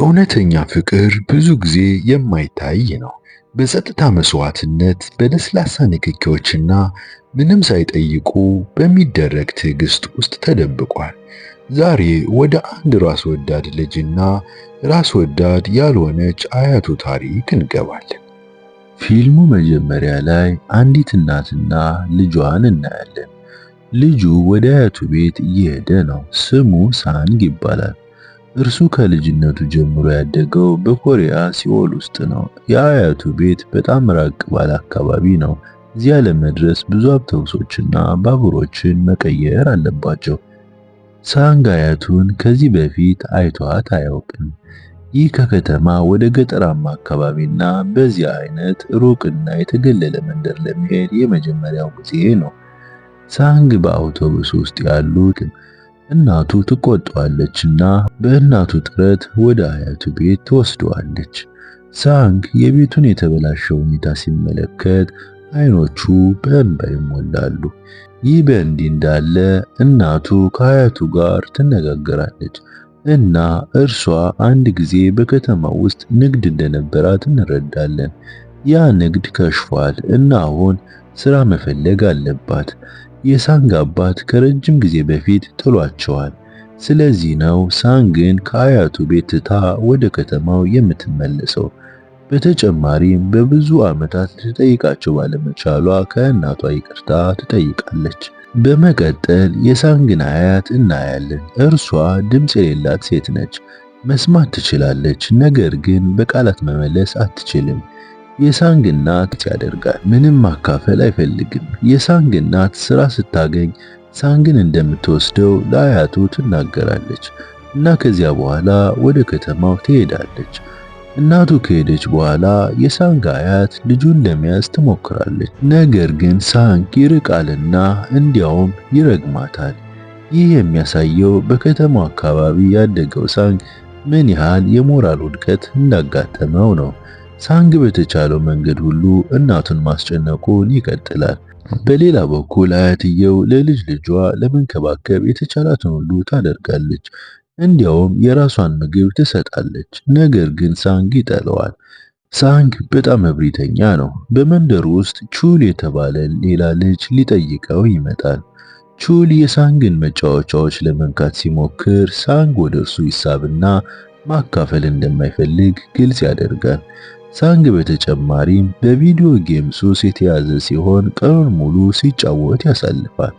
እውነተኛ ፍቅር ብዙ ጊዜ የማይታይ ነው። በጸጥታ መስዋዕትነት፣ በለስላሳ ንክኪዎችና ምንም ሳይጠይቁ በሚደረግ ትዕግስት ውስጥ ተደብቋል። ዛሬ ወደ አንድ ራስ ወዳድ ልጅና ራስ ወዳድ ያልሆነች አያቱ ታሪክ እንገባለን። ፊልሙ መጀመሪያ ላይ አንዲት እናትና ልጇን እናያለን። ልጁ ወደ አያቱ ቤት እየሄደ ነው። ስሙ ሳንግ ይባላል። እርሱ ከልጅነቱ ጀምሮ ያደገው በኮሪያ ሲኦል ውስጥ ነው። የአያቱ ቤት በጣም ራቅ ባለ አካባቢ ነው። እዚያ ለመድረስ ብዙ አውቶቡሶችና ባቡሮችን መቀየር አለባቸው። ሳንግ አያቱን ከዚህ በፊት አይቷት አያውቅም። ይህ ከከተማ ወደ ገጠራማ አካባቢና በዚህ አይነት ሩቅና የተገለለ መንደር ለመሄድ የመጀመሪያው ጊዜ ነው። ሳንግ በአውቶቡስ ውስጥ ያሉት እናቱ ትቆጣዋለችና በእናቱ ጥረት ወደ አያቱ ቤት ትወስደዋለች። ሳንግ የቤቱን የተበላሸ ሁኔታ ሲመለከት አይኖቹ በእንባ ይሞላሉ። ይህ በእንዲህ እንዳለ እናቱ ከአያቱ ጋር ትነጋገራለች እና እርሷ አንድ ጊዜ በከተማ ውስጥ ንግድ እንደነበራት እንረዳለን። ያ ንግድ ከሽፏል እና አሁን ስራ መፈለግ አለባት። የሳንግ አባት ከረጅም ጊዜ በፊት ጥሏቸዋል። ስለዚህ ነው ሳንግን ከአያቱ ቤት ትታ ወደ ከተማው የምትመለሰው። በተጨማሪም በብዙ ዓመታት ልትጠይቃቸው ባለመቻሏ ከእናቷ ይቅርታ ትጠይቃለች። በመቀጠል የሳንግን አያት እናያለን። እርሷ ድምፅ የሌላት ሴት ነች። መስማት ትችላለች፣ ነገር ግን በቃላት መመለስ አትችልም። የሳንግ እናት ያደርጋል። ምንም ማካፈል አይፈልግም። የሳንግ እናት ስራ ስታገኝ ሳንግን እንደምትወስደው ለአያቱ ትናገራለች እና ከዚያ በኋላ ወደ ከተማው ትሄዳለች። እናቱ ከሄደች በኋላ የሳንግ አያት ልጁን ለመያዝ ትሞክራለች። ነገር ግን ሳንግ ይርቃልና እንዲያውም ይረግማታል። ይህ የሚያሳየው በከተማው አካባቢ ያደገው ሳንግ ምን ያህል የሞራል ውድቀት እንዳጋጠመው ነው። ሳንግ በተቻለው መንገድ ሁሉ እናቱን ማስጨነቁን ይቀጥላል። በሌላ በኩል አያትየው ለልጅ ልጇ ለመንከባከብ የተቻላትን ሁሉ ታደርጋለች። እንዲያውም የራሷን ምግብ ትሰጣለች። ነገር ግን ሳንግ ይጠለዋል። ሳንግ በጣም እብሪተኛ ነው። በመንደሩ ውስጥ ቹል የተባለ ሌላ ልጅ ሊጠይቀው ይመጣል። ቹል የሳንግን መጫወቻዎች ለመንካት ሲሞክር ሳንግ ወደ እርሱ ይሳብና ማካፈል እንደማይፈልግ ግልጽ ያደርጋል። ሳንግ በተጨማሪም በቪዲዮ ጌም ሱስ የተያዘ ሲሆን ቀኑን ሙሉ ሲጫወት ያሳልፋል።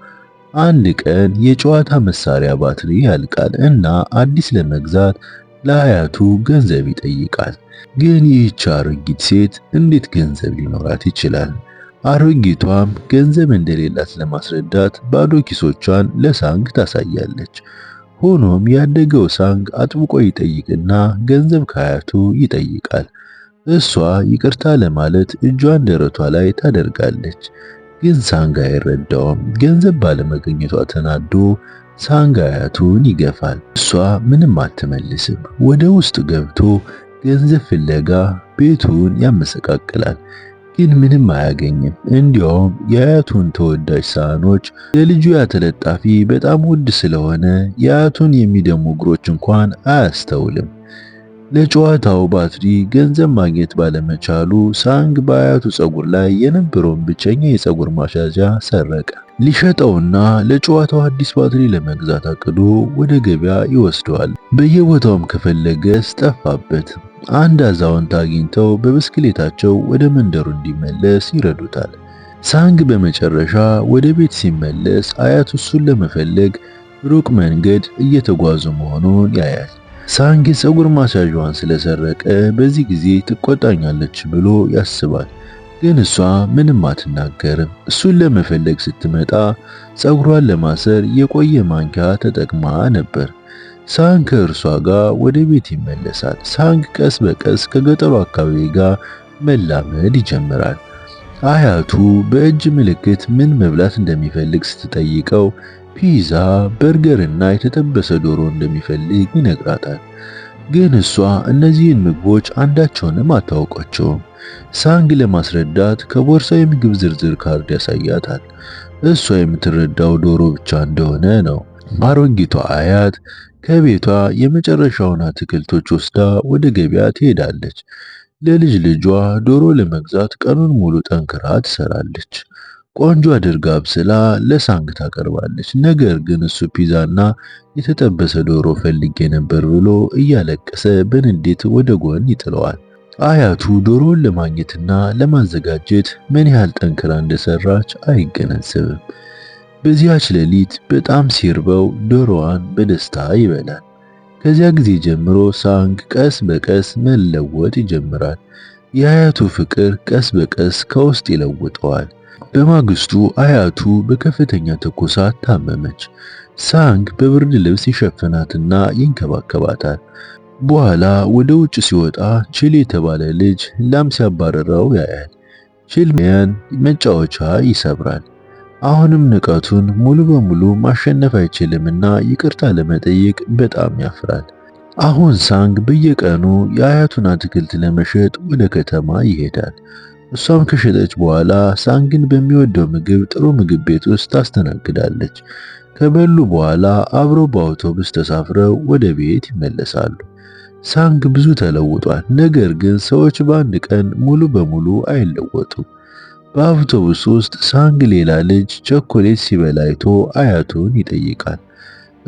አንድ ቀን የጨዋታ መሳሪያ ባትሪ ያልቃል እና አዲስ ለመግዛት ለአያቱ ገንዘብ ይጠይቃል። ግን ይህች አሮጊት ሴት እንዴት ገንዘብ ሊኖራት ይችላል? አሮጊቷም ገንዘብ እንደሌላት ለማስረዳት ባዶ ኪሶቿን ለሳንግ ታሳያለች። ሆኖም ያደገው ሳንግ አጥብቆ ይጠይቅና ገንዘብ ከአያቱ ይጠይቃል። እሷ ይቅርታ ለማለት እጇን ደረቷ ላይ ታደርጋለች። ግን ሳንጋ አይረዳውም። ገንዘብ ባለመገኘቷ ተናዶ ሳንጋ አያቱን ይገፋል። እሷ ምንም አትመልስም። ወደ ውስጥ ገብቶ ገንዘብ ፍለጋ ቤቱን ያመሰቃቅላል። ግን ምንም አያገኝም። እንዲያውም የአያቱን ተወዳጅ ሳህኖች ለልጁ ያተለጣፊ በጣም ውድ ስለሆነ የአያቱን የሚደሙ እግሮች እንኳን አያስተውልም። ለጨዋታው ባትሪ ገንዘብ ማግኘት ባለመቻሉ ሳንግ በአያቱ ጸጉር ላይ የነበረውን ብቸኛ የጸጉር ማሻሻ ሰረቀ። ሊሸጠውና ለጨዋታው አዲስ ባትሪ ለመግዛት አቅዶ ወደ ገበያ ይወስደዋል። በየቦታውም ከፈለገስ ጠፋበት። አንድ አዛውንት አግኝተው በብስክሌታቸው ወደ መንደሩ እንዲመለስ ይረዱታል። ሳንግ በመጨረሻ ወደ ቤት ሲመለስ አያት እሱን ለመፈለግ ሩቅ መንገድ እየተጓዙ መሆኑን ያያል። ሳንጊ ፀጉር ማስያዣዋን ስለሰረቀ በዚህ ጊዜ ትቆጣኛለች ብሎ ያስባል። ግን እሷ ምንም አትናገርም። እሱን ለመፈለግ ስትመጣ ፀጉሯን ለማሰር የቆየ ማንኪያ ተጠቅማ ነበር። ሳንግ ከእርሷ ጋር ወደ ቤት ይመለሳል። ሳንግ ቀስ በቀስ ከገጠሩ አካባቢ ጋር መላመድ ይጀምራል። አያቱ በእጅ ምልክት ምን መብላት እንደሚፈልግ ስትጠይቀው ፒዛ፣ በርገር እና የተጠበሰ ዶሮ እንደሚፈልግ ይነግራታል። ግን እሷ እነዚህን ምግቦች አንዳቸውንም አታውቃቸውም። ሳንግ ለማስረዳት ከቦርሳ የምግብ ዝርዝር ካርድ ያሳያታል። እሷ የምትረዳው ዶሮ ብቻ እንደሆነ ነው። አሮጊቷ አያት ከቤቷ የመጨረሻውን አትክልቶች ወስዳ ወደ ገበያ ትሄዳለች። ለልጅ ልጇ ዶሮ ለመግዛት ቀኑን ሙሉ ጠንክራ ትሰራለች። ቆንጆ አድርጋ አብስላ ለሳንግ ታቀርባለች። ነገር ግን እሱ ፒዛና የተጠበሰ ዶሮ ፈልጌ ነበር ብሎ እያለቀሰ በንዴት ወደ ጎን ይጥለዋል። አያቱ ዶሮውን ለማግኘትና ለማዘጋጀት ምን ያህል ጠንክራ እንደሰራች አይገነዘብም። በዚያች ሌሊት በጣም ሲርበው ዶሮዋን በደስታ ይበላል። ከዚያ ጊዜ ጀምሮ ሳንግ ቀስ በቀስ መለወጥ ይጀምራል። የአያቱ ፍቅር ቀስ በቀስ ከውስጥ ይለውጠዋል። በማግስቱ አያቱ በከፍተኛ ትኩሳት ታመመች። ሳንግ በብርድ ልብስ ይሸፍናትና ይንከባከባታል። በኋላ ወደ ውጭ ሲወጣ ቺል የተባለ ልጅ ላም ሲያባረረው ያያል። ችልሚያን መጫወቻ ይሰብራል። አሁንም ንቀቱን ሙሉ በሙሉ ማሸነፍ አይችልምና ይቅርታ ለመጠየቅ በጣም ያፍራል። አሁን ሳንግ በየቀኑ የአያቱን አትክልት ለመሸጥ ወደ ከተማ ይሄዳል። እሷም ከሸጠች በኋላ ሳንግን በሚወደው ምግብ ጥሩ ምግብ ቤት ውስጥ ታስተናግዳለች። ከበሉ በኋላ አብረው በአውቶቡስ ተሳፍረው ወደ ቤት ይመለሳሉ። ሳንግ ብዙ ተለውጧል። ነገር ግን ሰዎች በአንድ ቀን ሙሉ በሙሉ አይለወጡም። በአውቶቡስ ውስጥ ሳንግ ሌላ ልጅ ቸኮሌት ሲበላ አይቶ አያቱን ይጠይቃል።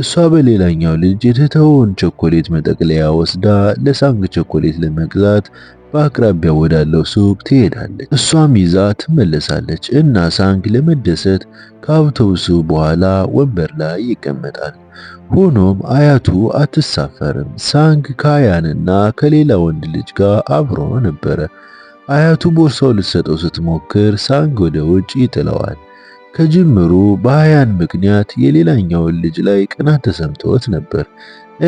እሷ በሌላኛው ልጅ የተተወውን ቸኮሌት መጠቅለያ ወስዳ ለሳንግ ቸኮሌት ለመግዛት በአቅራቢያው ወዳለው ሱቅ ትሄዳለች። እሷም ይዛ ትመለሳለች እና ሳንግ ለመደሰት ከአውቶቡሱ በኋላ ወንበር ላይ ይቀመጣል። ሆኖም አያቱ አትሳፈርም። ሳንግ ከአያንና ከሌላ ወንድ ልጅ ጋር አብሮ ነበረ። አያቱ ቦርሳው ልትሰጠው ስትሞክር ሳንግ ወደ ውጭ ይጥለዋል። ከጅምሩ በአያን ምክንያት የሌላኛውን ልጅ ላይ ቅናት ተሰምቶት ነበር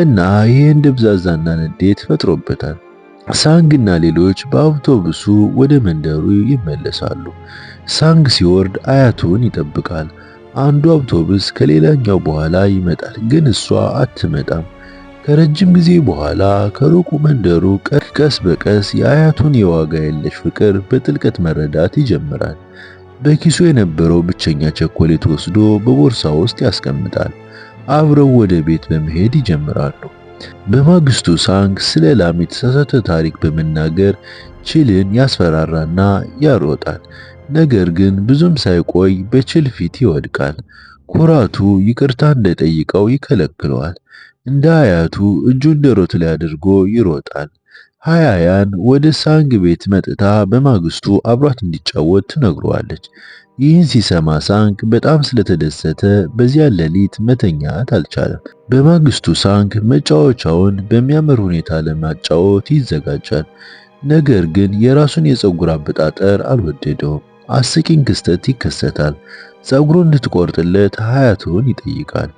እና ይህን ድብዛዛና ንዴት ፈጥሮበታል። ሳንግና ሌሎች በአውቶቡሱ ወደ መንደሩ ይመለሳሉ። ሳንግ ሲወርድ አያቱን ይጠብቃል። አንዱ አውቶቡስ ከሌላኛው በኋላ ይመጣል፣ ግን እሷ አትመጣም። ከረጅም ጊዜ በኋላ ከሩቁ መንደሩ ቀስ በቀስ የአያቱን የዋጋ የለሽ ፍቅር በጥልቀት መረዳት ይጀምራል። በኪሱ የነበረው ብቸኛ ቸኮሌት ወስዶ በቦርሳ ውስጥ ያስቀምጣል። አብረው ወደ ቤት በመሄድ ይጀምራሉ። በማግስቱ ሳንግ ስለ ላም የተሳሳተ ታሪክ በመናገር ችልን ያስፈራራና ያሮጣል። ነገር ግን ብዙም ሳይቆይ በችል ፊት ይወድቃል። ኩራቱ ይቅርታ እንደጠይቀው ይከለክለዋል። እንደ አያቱ እጁን ደሮቱ ላይ አድርጎ ይሮጣል። ሃያያን ወደ ሳንግ ቤት መጥታ በማግስቱ አብሯት እንዲጫወት ትነግረዋለች። ይህን ሲሰማ ሳንግ በጣም ስለተደሰተ በዚያ ሌሊት መተኛት አልቻለም። በማግስቱ ሳንግ መጫወቻውን በሚያምር ሁኔታ ለማጫወት ይዘጋጃል። ነገር ግን የራሱን የፀጉር አበጣጠር አልወደደውም። አስቂኝ ክስተት ይከሰታል። ፀጉሩን እንድትቆርጥለት ሀያቱን ይጠይቃል።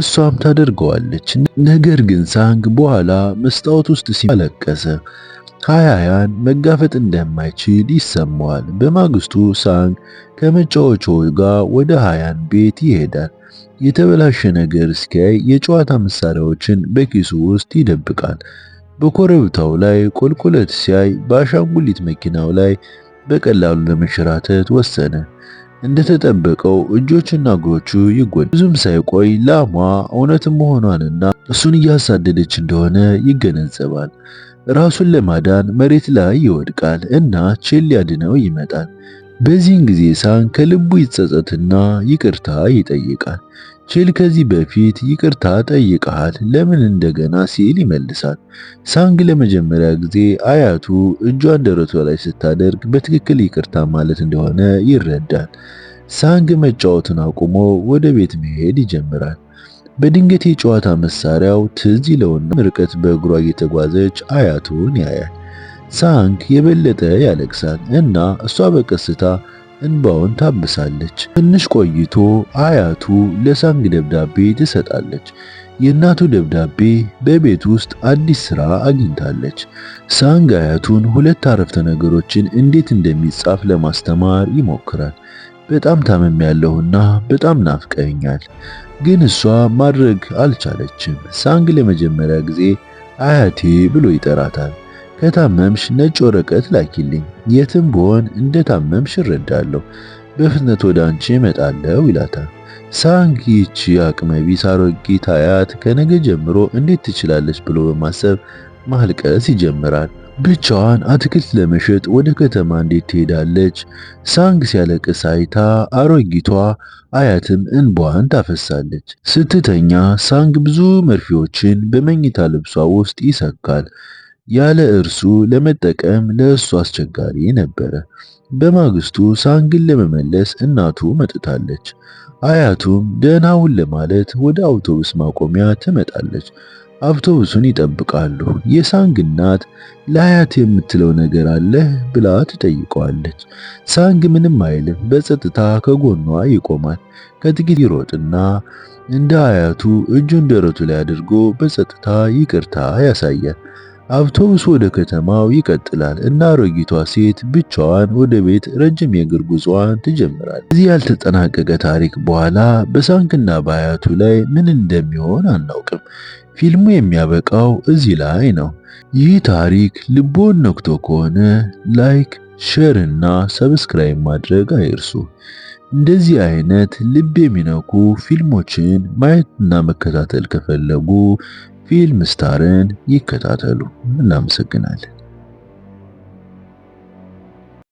እሷም ታደርገዋለች። ነገር ግን ሳንግ በኋላ መስታወት ውስጥ ሲመለቀሰ ሃያያን መጋፈጥ እንደማይችል ይሰማዋል። በማግስቱ ሳንግ ከመጫወቻው ጋር ወደ ሃያን ቤት ይሄዳል። የተበላሸ ነገር እስኪያይ የጨዋታ መሳሪያዎችን በኪሱ ውስጥ ይደብቃል። በኮረብታው ላይ ቁልቁለት ሲያይ በአሻንጉሊት መኪናው ላይ በቀላሉ ለመሸራተት ወሰነ። እንደተጠበቀው እጆችና እግሮቹ ይጎዳል። ብዙም ሳይቆይ ላሟ እውነትም መሆኗንና እሱን እያሳደደች እንደሆነ ይገነዘባል። ራሱን ለማዳን መሬት ላይ ይወድቃል እና ቼል ሊያድነው ይመጣል። በዚህን ጊዜ ሳን ከልቡ ይጸጸትና ይቅርታ ይጠይቃል። ቺል ከዚህ በፊት ይቅርታ ጠይቀሃል ለምን እንደገና ሲል ይመልሳል። ሳንግ ለመጀመሪያ ጊዜ አያቱ እጇን ደረቷ ላይ ስታደርግ በትክክል ይቅርታ ማለት እንደሆነ ይረዳል። ሳንግ መጫወቱን አቁሞ ወደ ቤት መሄድ ይጀምራል። በድንገት የጨዋታ መሳሪያው ትዝ ይለውና ርቀት በእግሯ እየተጓዘች አያቱን ያያል። ሳንግ የበለጠ ያለቅሳል እና እሷ በቀስታ እንባውን ታብሳለች። ትንሽ ቆይቶ አያቱ ለሳንግ ደብዳቤ ትሰጣለች። የእናቱ ደብዳቤ በቤት ውስጥ አዲስ ስራ አግኝታለች። ሳንግ አያቱን ሁለት አረፍተ ነገሮችን እንዴት እንደሚጻፍ ለማስተማር ይሞክራል። በጣም ታመም ያለሁና በጣም ናፍቀኛል፣ ግን እሷ ማድረግ አልቻለችም። ሳንግ ለመጀመሪያ ጊዜ አያቴ ብሎ ይጠራታል። ከታመምሽ ነጭ ወረቀት ላኪልኝ፣ የትም ብሆን እንደታመምሽ እረዳለሁ፣ በፍጥነት ወደ አንቺ እመጣለሁ ይላታል። ሳንግ ይቺ አቅመቢስ አሮጊት አያት ከነገ ጀምሮ እንዴት ትችላለች ብሎ በማሰብ ማልቀስ ይጀምራል። ብቻዋን አትክልት ለመሸጥ ወደ ከተማ እንዴት ትሄዳለች? ሳንግ ሲያለቅስ አይታ አሮጊቷ አያትም እንቧን ታፈሳለች። ስትተኛ ሳንግ ብዙ መርፌዎችን በመኝታ ልብሷ ውስጥ ይሰካል። ያለ እርሱ ለመጠቀም ለእሱ አስቸጋሪ ነበረ። በማግስቱ ሳንግል ለመመለስ እናቱ መጥታለች። አያቱም ደህናውን ለማለት ወደ አውቶቡስ ማቆሚያ ትመጣለች። አውቶቡሱን ይጠብቃሉ። የሳንግ እናት ለአያት የምትለው ነገር አለ ብላ ትጠይቀዋለች። ሳንግ ምንም አይልም፣ በጸጥታ ከጎኗ ይቆማል። ከጥቂት ይሮጥና እንደ አያቱ እጁን ደረቱ ላይ አድርጎ በጸጥታ ይቅርታ ያሳያል። አውቶቡስ ወደ ከተማው ይቀጥላል እና አሮጊቷ ሴት ብቻዋን ወደ ቤት ረጅም የእግር ጉዞዋን ትጀምራለች። እዚህ ያልተጠናቀቀ ታሪክ በኋላ በሳንክና በአያቱ ላይ ምን እንደሚሆን አናውቅም። ፊልሙ የሚያበቃው እዚህ ላይ ነው። ይህ ታሪክ ልቦን ነክቶ ከሆነ ላይክ፣ ሼር እና ሰብስክራይብ ማድረግ አይርሱ። እንደዚህ አይነት ልብ የሚነኩ ፊልሞችን ማየትና መከታተል ከፈለጉ ፊልም ስታርን ይከታተሉ። እናመሰግናለን።